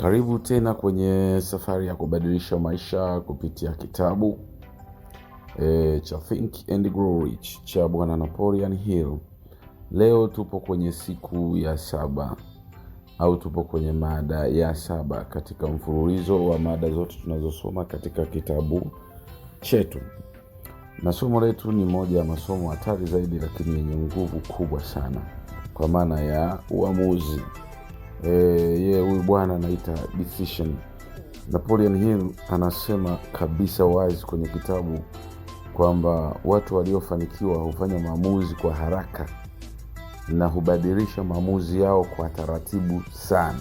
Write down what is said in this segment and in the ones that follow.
Karibu tena kwenye safari ya kubadilisha maisha kupitia kitabu e, cha Think and Grow Rich cha Bwana Napoleon Hill. Leo tupo kwenye siku ya saba au tupo kwenye mada ya saba katika mfululizo wa mada zote tunazosoma katika kitabu chetu, na somo letu ni moja ya masomo hatari zaidi, lakini yenye nguvu kubwa sana kwa maana ya uamuzi. Eh, yeye yeah, huyu bwana anaita decision. Napoleon Hill anasema kabisa wazi kwenye kitabu kwamba watu waliofanikiwa hufanya maamuzi kwa haraka na hubadilisha maamuzi yao kwa taratibu sana.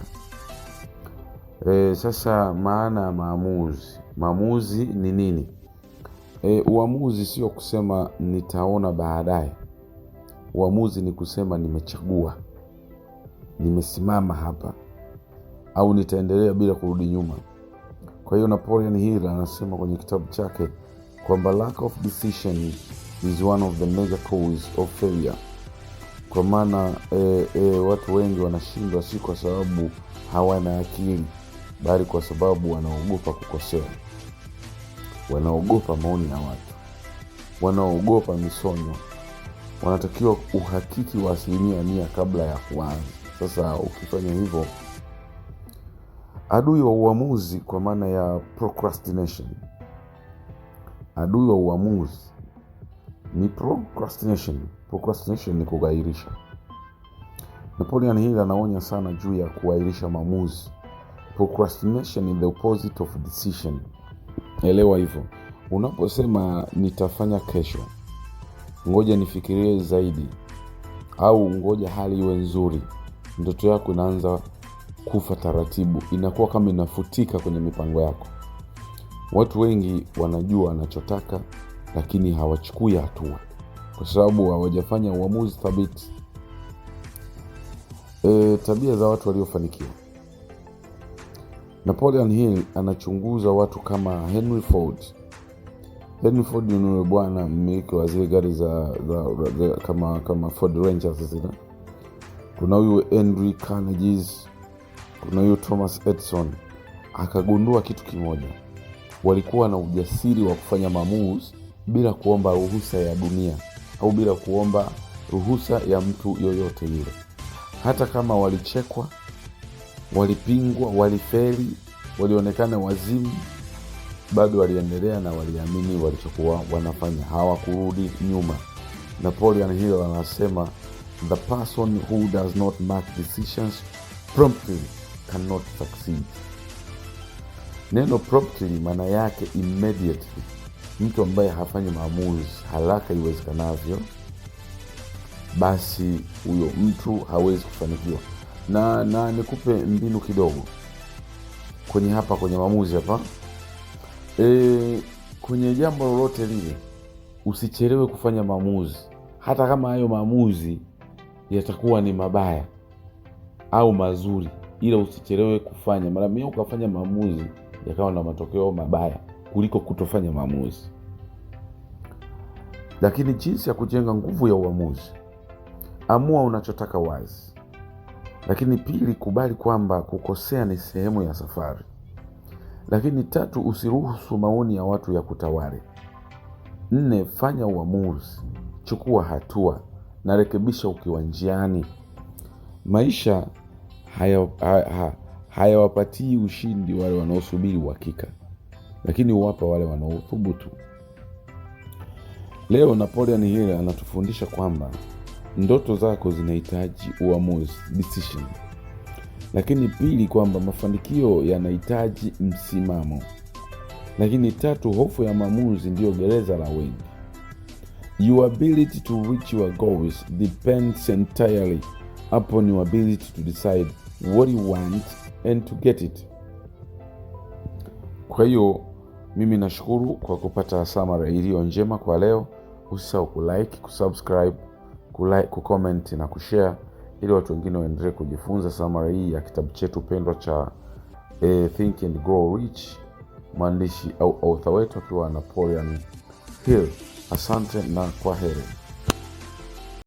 E, sasa maana ya maamuzi, maamuzi ni nini? E, uamuzi sio kusema nitaona baadaye. Uamuzi ni kusema nimechagua nimesimama hapa au nitaendelea bila kurudi nyuma. Kwa hiyo Napoleon Hill anasema kwenye kitabu chake kwamba lack of decision is one of the major cause of failure, kwa maana e, e, watu wengi wanashindwa si kwa sababu hawana akili, bali kwa sababu wanaogopa kukosea wanaogopa maoni ya watu, wanaogopa misonyo. Wanatakiwa uhakiki wa asilimia mia kabla ya kuanza. Sasa ukifanya hivyo, adui wa uamuzi, kwa maana ya procrastination, adui wa uamuzi ni procrastination. Procrastination ni kugairisha. Napoleon Hill anaonya sana juu ya kuahirisha maamuzi. Procrastination is the opposite of decision. Elewa hivyo. Unaposema nitafanya kesho, ngoja nifikirie zaidi, au ngoja hali iwe nzuri ndoto yako inaanza kufa taratibu, inakuwa kama inafutika kwenye mipango yako. Watu wengi wanajua wanachotaka, lakini hawachukui hatua kwa sababu hawajafanya uamuzi thabiti. E, tabia za watu waliofanikiwa. Napoleon Hill anachunguza watu kama Henry Ford. Henry Ford ni yule bwana mmiliki wa zile gari za, za, za, kama, kama Ford Rangers zile kuna huyu Henry Carnegie, kuna huyu Thomas Edison akagundua kitu kimoja, walikuwa na ujasiri wa kufanya maamuzi bila kuomba ruhusa ya dunia au bila kuomba ruhusa ya mtu yoyote yule, hata kama walichekwa, walipingwa, waliferi walionekana wazimu, bado waliendelea na waliamini walichokuwa wanafanya, hawakurudi nyuma. Napoleon hilo anasema The person who does not make decisions promptly cannot succeed. Neno promptly maana yake immediately, mtu ambaye hafanyi maamuzi haraka iwezekanavyo, basi huyo mtu hawezi kufanikiwa. Na, na nikupe mbinu kidogo kwenye hapa kwenye maamuzi hapa e, kwenye jambo lolote lile usichelewe kufanya maamuzi, hata kama hayo maamuzi yatakuwa ni mabaya au mazuri, ila usichelewe kufanya. Mara mingi ukafanya maamuzi yakawa na matokeo mabaya kuliko kutofanya maamuzi. Lakini jinsi ya kujenga nguvu ya uamuzi, amua unachotaka wazi. Lakini pili, kubali kwamba kukosea ni sehemu ya safari. Lakini tatu, usiruhusu maoni ya watu ya kutawale. Nne, fanya uamuzi, chukua hatua na rekebisha ukiwa njiani. Maisha hayawapatii haya, haya ushindi wale wanaosubiri uhakika, lakini huwapa wale wanaothubutu. Leo Napoleon Hill anatufundisha kwamba ndoto zako zinahitaji uamuzi, decision, lakini pili, kwamba mafanikio yanahitaji msimamo, lakini tatu, hofu ya maamuzi ndiyo gereza la wengi. Your ability to reach your goals depends entirely upon your ability to decide what you want and to get it. Kwa hiyo mimi nashukuru kwa kupata summary iliyo njema kwa leo. Usisahau kulike, kusubscribe, kulike, kucomment na kushare ili watu wengine waendelee kujifunza summary hii ya kitabu chetu pendwa cha eh, Think and Grow Rich, mwandishi au author wetu akiwa Napoleon Hill. Asante na kwa heri.